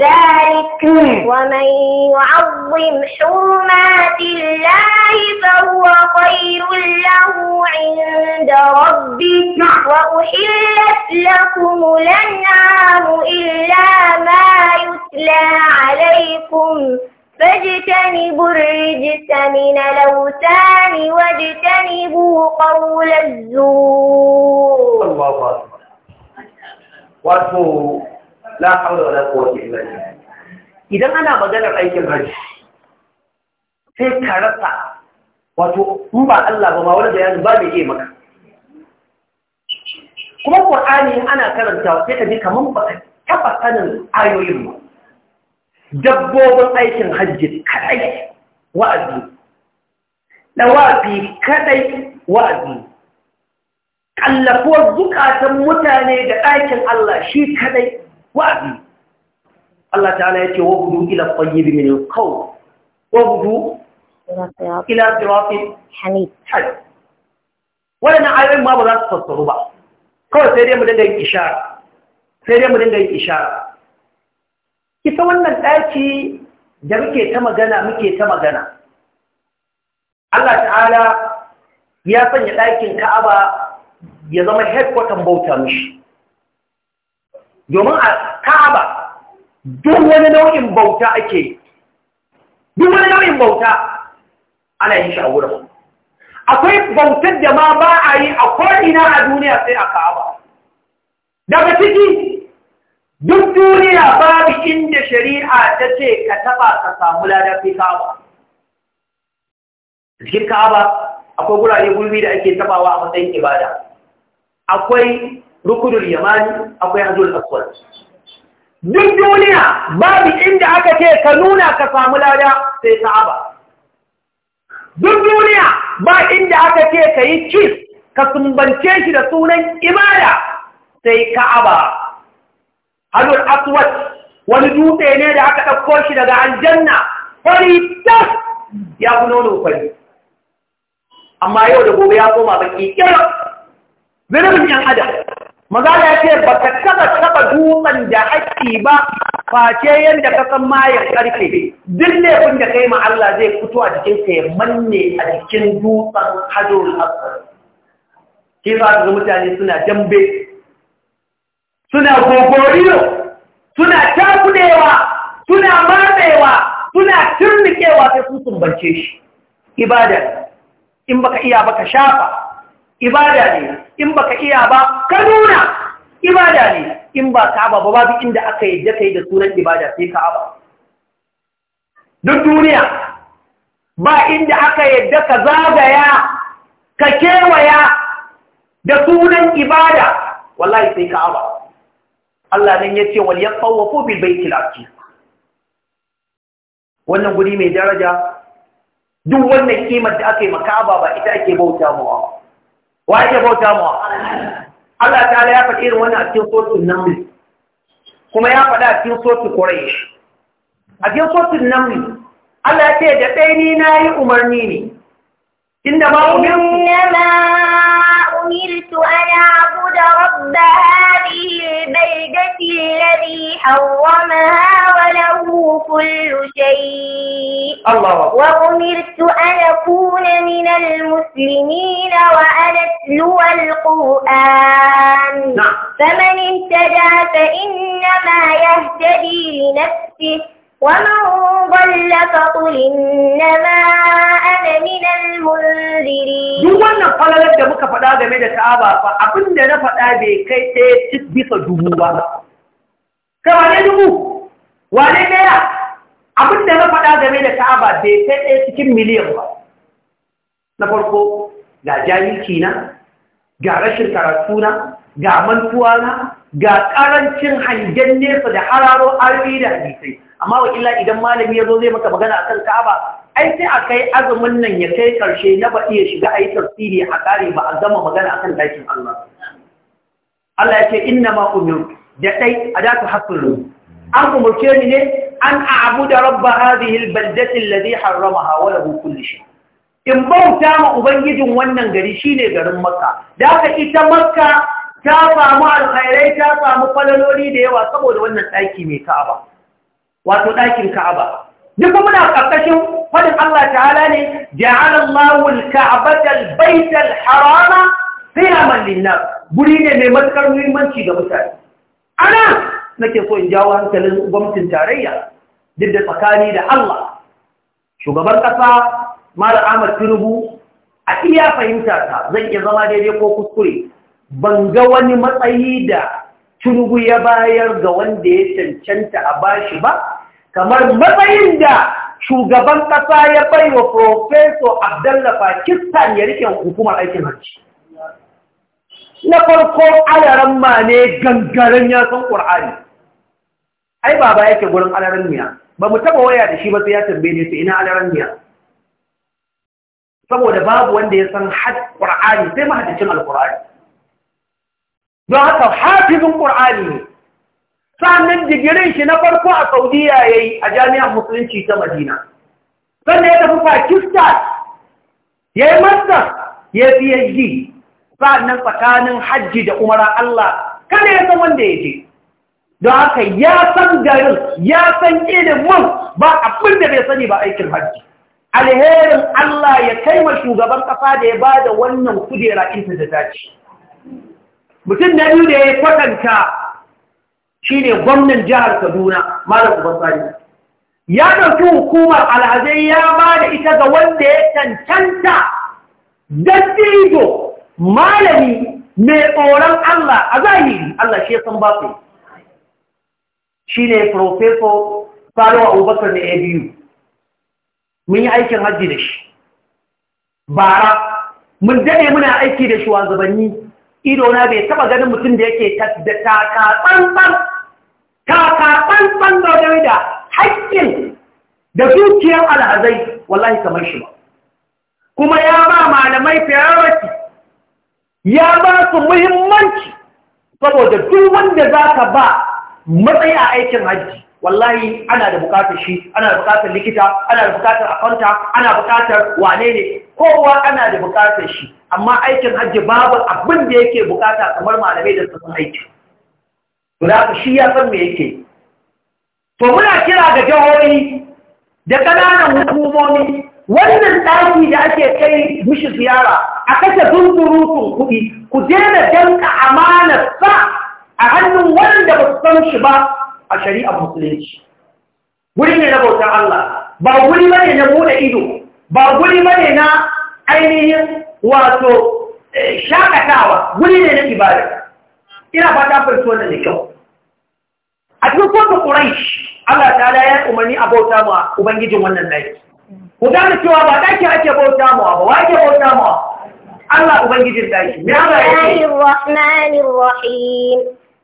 ذلك ومن يعظم حرمات الله فهو خير له عند ربه نعم. وأحلت لكم الأنعام إلا ما يتلى عليكم فاجتنبوا الرجس من الأوثان واجتنبوا قول الزور الله أكبر وأتوا لا حول ولا قوة إلا بالله idan ana maganar aikin hajji sai ka rasa wato in ba Allah ba ma wani bayani ba mai iya maka kuma Qur'ani ana karanta sai ka ji kaman ba ka taba sanin ayoyin ba dabbobin aikin hajji kadai wa'azi dawafi kadai wa'azi kallafuwar zukatan mutane da ɗakin Allah shi kadai wa'azi Allah ta'ala ya ce wabudu ila tayyib min al-qawl wabudu ila siratin hanif wannan ayoyin ma ba za su fassaru ba kawai sai dai mu dinga yin ishara sai dai mu dinga yin ishara kisa wannan daki da muke ta magana muke ta magana Allah ta'ala ya sanya ɗakin Ka'aba ya zama headquarter bauta mishi domin a Ka'aba duk wani nau'in bauta ake duk wani nau'in bauta ana yin shi a wurin akwai bautar da ma ba a yi a ko'ina a duniya sai a ka'aba daga ciki duk duniya ba babu inda shari'a ta ce ka taba ka samu fi ka'aba cikin ka'aba akwai gurare gulbi da ake tabawa a matsayin ibada akwai rukunul yamani akwai hajjul aswad duk duniya babu inda aka ce ka nuna ka samu lada sai aba. duk duniya ba inda aka ce ka yi cis ka sumbance shi da sunan ibada sai ka'aba hajjul aswad wani dutse ne da aka ɗauko shi daga aljanna fari tas ya fi nono fari amma yau da gobe ya koma baki kira zirin yan adam Magana ya ce ba ka taba taba dutsen da haƙƙi ba face yadda ka san maye ƙarfe duk laifin da kai ma Allah zai fito a cikin ka ya manne a jikin dutsen hajjul asfar. Ke za ga mutane suna dambe, suna gogoriyo, suna takudewa, suna matsewa, suna turnikewa sai sun sumbance shi. Ibada, in baka iya baka shafa, ibada ne in baka iya ba ka nuna ibada ne in ba ka'aba ba babu inda aka yadda kai da sunan ibada sai ba duk duniya ba inda aka yadda ka zagaya ka kewaya da sunan ibada wallahi sai ka'aba Allah nan yace wal yatawafu bil baitil atiq wannan guri mai daraja duk wannan kimar da aka yi makaba ba ita ake bauta ba wa ake bauta mu Allah ta ya faɗi irin wannan a cikin sotin namli kuma ya faɗa a cikin sotin kurai a cikin sotin namli Allah ya ce da ɗaya ni na yi umarni ne inda ma umirtu inna ma umirtu ana da rabba البلدة الذي حرمها وله كل شيء الله وأمرت أن أكون من المسلمين وأن أتلو القرآن نعم. فمن اهتدى فإنما يهتدي لنفسه ومن ضل فقل إنما أنا من المنذرين duk wannan falalar da muka faɗa game da Ka'aba fa abin na faɗa bai kai ɗaya dubu ba wane dubu wane da na faɗa game da bai kai ɗaya cikin miliyan ba na farko ga jahilci ga rashin karatu na ga mantuwa na ga ƙarancin hangen nesa da hararo ayoyi da amma wa illa idan malami ya zo zai maka magana kan Ka'aba ai sai a kai azumin nan ya kai karshe na ba iya shiga ayi tafsiri a kare ba a gama magana kan dakin Allah Allah ya ce inna ma umiru da dai adatu haqqul an umurce ni ne an a'budu rabb hadhihi al alladhi harramaha wa lahu kullu shay in bauta ma ubangijin wannan gari shine garin makka da haka ita makka ta samu alkhairai ta samu falaloli da yawa saboda wannan daki mai ka'aba wato ɗakin ka'aba duk muna ƙarƙashin faɗin Allah ta'ala ne ja'ala Allahu al-ka'bata al-bayta al-harama qiyaman guri ne mai matukar muhimmanci ga mutane ana nake so in jawo hankalin gwamnatin tarayya duk da tsakani da Allah shugaban ƙasa Malam Ahmad Tinubu a iya fahimta ta zan iya zama daidai ko kuskure ban ga wani matsayi da turgu ya bayar ga wanda ya cancanta a bashi ba kamar matsayin da shugaban ƙasa ya bai wa Profeso Abdullah Pakistan ya rike hukumar aikin hajji. Na farko alaran ma ne gangaren ya san Ƙur'ani. Ai, baba yake gurin alaran miya, ba mu taɓa waya da shi ba sai ya tambaye ne su ina alaran miya. Saboda babu wanda ya san Ƙur'ani sai mahaddacin Alƙur'ani. don haka hafizin ƙur'ani ne sannan digirin shi na farko a saudiya ya yi a jami'ar musulunci ta madina sannan ya tafi pakistan ya yi master ya phd sannan tsakanin hajji da umara allah kada ya san wanda ya je don haka ya san garin ya san ilimin ba abin da bai sani ba aikin hajji alherin allah ya kai wa shugaban ƙasa da ya ba da wannan kujera inta da dace mutum na biyu da ya kwatanta shi ne gwamnan jihar kaduna malam ubasari ya ɗauki hukumar alhazai ya ba da ita ga wanda ya cancanta don ido, malami mai tsoron allah a zahiri allah shi ya san ba su shi ne profeso faruwa abubakar na abu mun yi aikin hajji da shi bara mun daɗe muna aiki da shi, shugabanni ido na bai taba ganin mutum da yake da takatsantsan takatsantsan da haƙƙin da zuciyar alhazai wallahi kamar shi ba kuma ya ba malamai fiyararki ya ba su muhimmanci saboda duk wanda za ka ba matsayi a aikin hajji wallahi ana da bukatar shi ana da bukatar likita ana da bukatar akwanta ana bukatar wane ne kowa ana da bukatar shi amma aikin hajji babu abin da yake bukata kamar malamai da sun aikin. guda shi ya san me yake to muna kira ga jihohi da ƙananan hukumomi wannan ɗaki da ake kai mishi ziyara a kashe zunzurutun kuɗi ku daina danka amanar sa a hannun wanda ba su san shi ba a shari'ar musulunci guri ne na bautar Allah ba guri bane na buɗe ido ba guri bane na ainihin wato shakatawa wuri ne na ibada ina fata fahimci wannan da kyau a cikin kotun quraish Allah ta'ala ya umarni a bauta ma ubangijin wannan daki ku gane cewa ba daki ake bauta ma ba wa ake bauta ma Allah ubangijin daki me Allah ya rahmanir rahim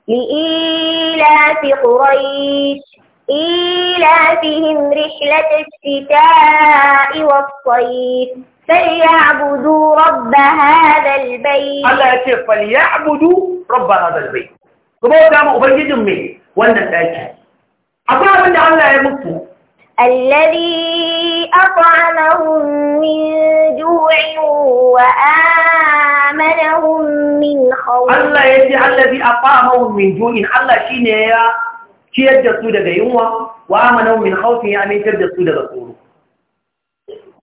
لإيلاف قريش إيلافهم رحلة الشتاء والصيف فليعبدوا رب هذا البيت الله يتي فليعبدوا رب هذا البيت كما قام أبنجدهم من وانا الآجه أقول أن الله يمكتو الذي أطعمهم من جوع وآمنهم من خوف الله يتي الذي أطعمهم من جوع الله شيني يا ciyar da su daga yunwa wa amanau min khawfi ya amintar da su daga tsoro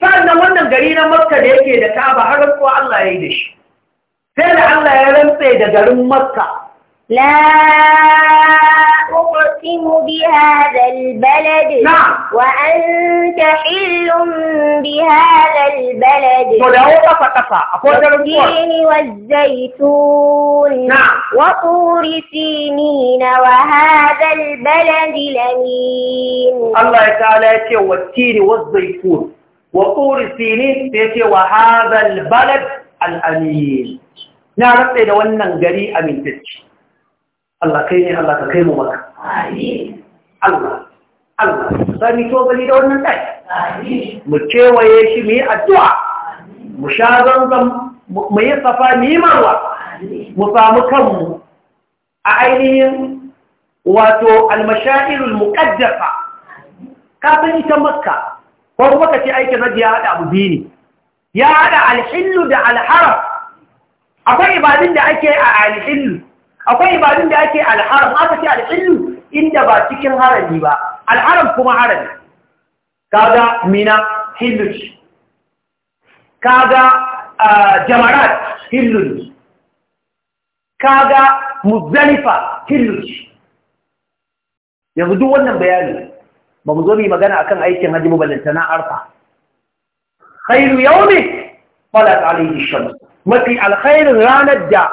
sannan wannan gari na makka da yake da ka'aba har rantsuwa Allah ya yi da shi sai da Allah ya da garin makka la أقسم بهذا البلد نعم وأنت حل بهذا البلد والتين والزيتون نعم وطور سينين وهذا البلد الأمين الله تعالى يقول والتين والزيتون wa sini sai ce wa hazal balad al'amin na ratse da wannan gari amintacci Allah kai ne Allah ka kai mu maka Allah Allah sami tobali da wannan ɗai mu kewaye shi mu yi addu'a mu sha zanzan mu yi safa mu yi marwa mu samu kanmu a ainihin wato almashairul muƙaddafa kafin ita makka ko kuma ka aikin hajji ya hada abu biyu ne ya hada alhillu da alharam akwai ibadun da ake a alhillu akwai ibadun da ake alharam aka ce alhillu inda ba cikin harami ba alharam kuma harami kaga mina hilluci kaga jamarat hilluci kaga muzalifa hilluci yanzu duk wannan bayani ba mu zo mu yi magana akan aikin hajji mu na arfa khairu yawmi talat alayhi shams mafi alkhairin ranar da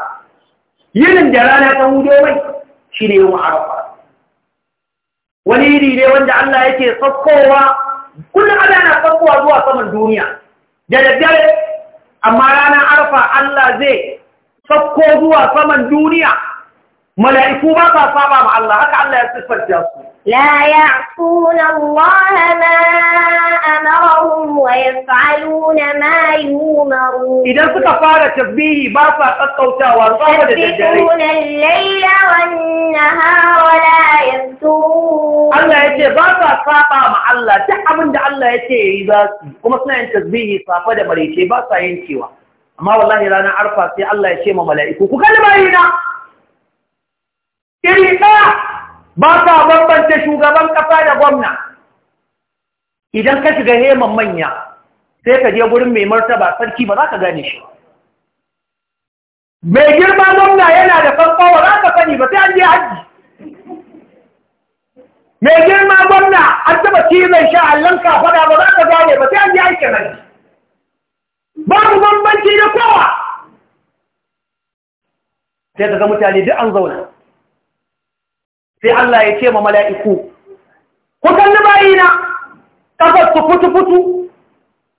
yinin da rana ta hudo mai shine yawm arfa wani iri ne wanda Allah yake sakkowa kullum ana na sakkowa zuwa saman duniya da daddare amma ranar arfa Allah zai sakko zuwa saman duniya mala'iku ba sa saba ma Allah haka Allah ya siffanta su la ya'sun Allah ma amarahum wa yaf'aluna ma idan suka fara tasbihi ba sa kakkautawa tsawa da daddare Allah yace ba sa saba ma Allah duk abin da Allah yace yayi za su kuma suna yin tasbihi safa da maraice ba sa yankewa amma wallahi ranar arfa sai Allah ya ce ma mala'iku ku kalli na. iri ɗaya ba ka bambanta shugaban ƙasa da gwamna idan ka shiga neman manya sai ka je gurin mai martaba sarki ba za ka gane shi mai girma gwamna yana da farko ba za ka sani ba sai an je hajji mai girma gwamna an taɓa cizon sha allon kafaɗa ba za ka gane ba sai an je aikin hajji babu bambanci da kowa sai ka ga mutane duk an zauna sai Allah ya ce ma mala'iku ku kalli bayina kafar su futu futu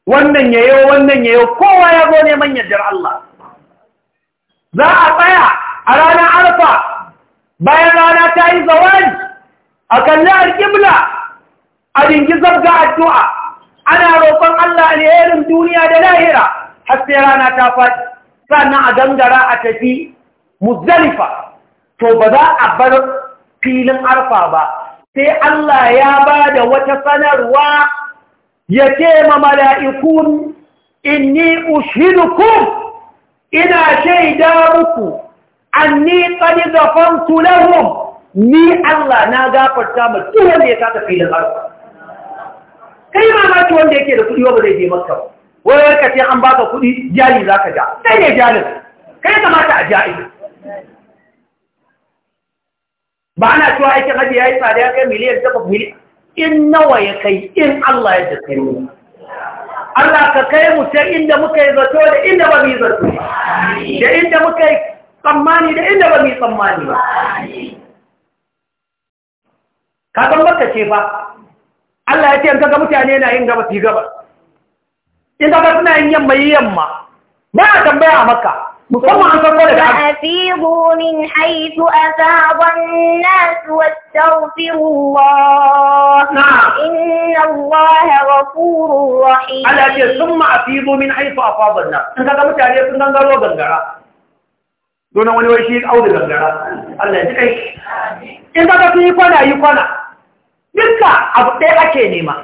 wannan ya yi wannan ya yi kowa ya zo neman yadda Allah za a tsaya a ranar arfa bayan rana ta yi zawari a kalli alƙibla a dingi zabga addu'a ana roƙon Allah a liyarin duniya da lahira har rana ta faɗi sannan a gangara a tafi muzdalifa to ba za a bar filin arfa ba sai Allah ya ba da wata sanarwa ya ce ma mala'ikun inni ushidukum ina shaida muku anni qad ghafartu lahum ni Allah na gafarta ma duk wanda ya taka filin arfa kai mamaki wanda yake da kuɗi ba zai je maka wai ka ce an baka kuɗi jali ka ja sai ne jalin kai kamata a ja'i ba ana cewa aikin hajji ya yi tsada ya kai miliyan takwas miliyan in nawa ya kai in Allah ya kai mu Allah ka kai mu ta inda muka yi zato da inda ba mu yi zato da inda muka yi tsammani da inda ba mu yi tsammani ba Ka san baka ce ba Allah ya ce in kaga mutane na yin gaba fi gaba in kaga suna yin yamma yi yamma ba a tambaya a maka أفيضوا من حيث أفاض الناس واستغفروا الله نعم. إن الله غفور رحيم على ثم أفيضوا من حيث أفاض الناس أنت تقول تعالي أن تنظر وغنغرة دون أن يشير أو غنغرة الله يجب إيه. أن يكون يكون لك أبطيء كلمة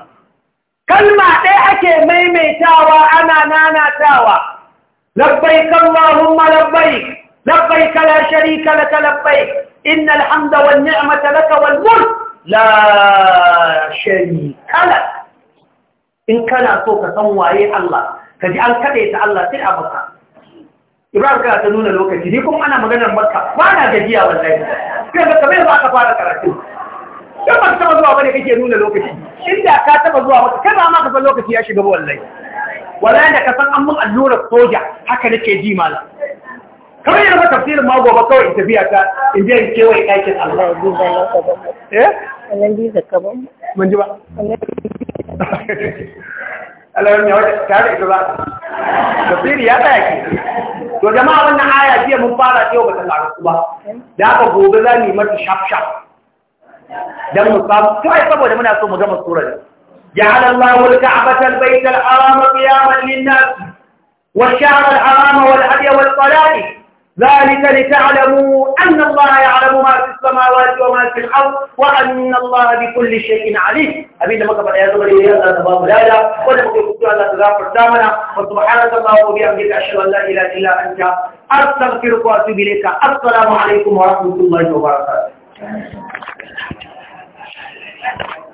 كلمة أبطيء ميمي تاوى أنا نانا تاوى لبيك اللهم لبيك لبيك لا شريك لك لبيك إن الحمد والنعمة لك والملك لا شريك لك in kana so ka san waye Allah ka an kaɗe Allah sai a baka Ibrahim kana ta nuna lokaci ni kuma ana maganar Makka ba na gajiya wallahi sai ka kamar ba ka fara karatu dan ba ka taba zuwa bane kake nuna lokaci inda ka zuwa ma ka lokaci ya shiga ba wala da ka san an mun allurar soja haka nake ji malam kamar yana tafsirin ma gobe kawai in tafiya ta in je in kewaye ɗakin Allah. Eh? Wannan bi zakka ba. Mun ji ba. Allah ya wata ta da ita ba. Tafsiri ya tsaya ki. To jama'a wannan aya jiya mun fara yau ba ta karu ba. Da haka gobe za mu yi mata shaf shaf. Dan mu samu kai saboda muna so mu gama surar. جعل الله الكعبة البيت الحرام قياما للناس والشعر الحرام والهدي والصلاه ذلك لتعلموا أن الله يعلم ما في السماوات وما في الأرض وأن الله بكل شيء عليم أبينا مكبر يا زمري يا الله تبارك لا ولا مكبر يا الله تغفر دامنا وسبحانك اللهم وبحمدك أشهد أن لا إله إلا أنت أستغفرك وأتوب إليك السلام عليكم ورحمة الله وبركاته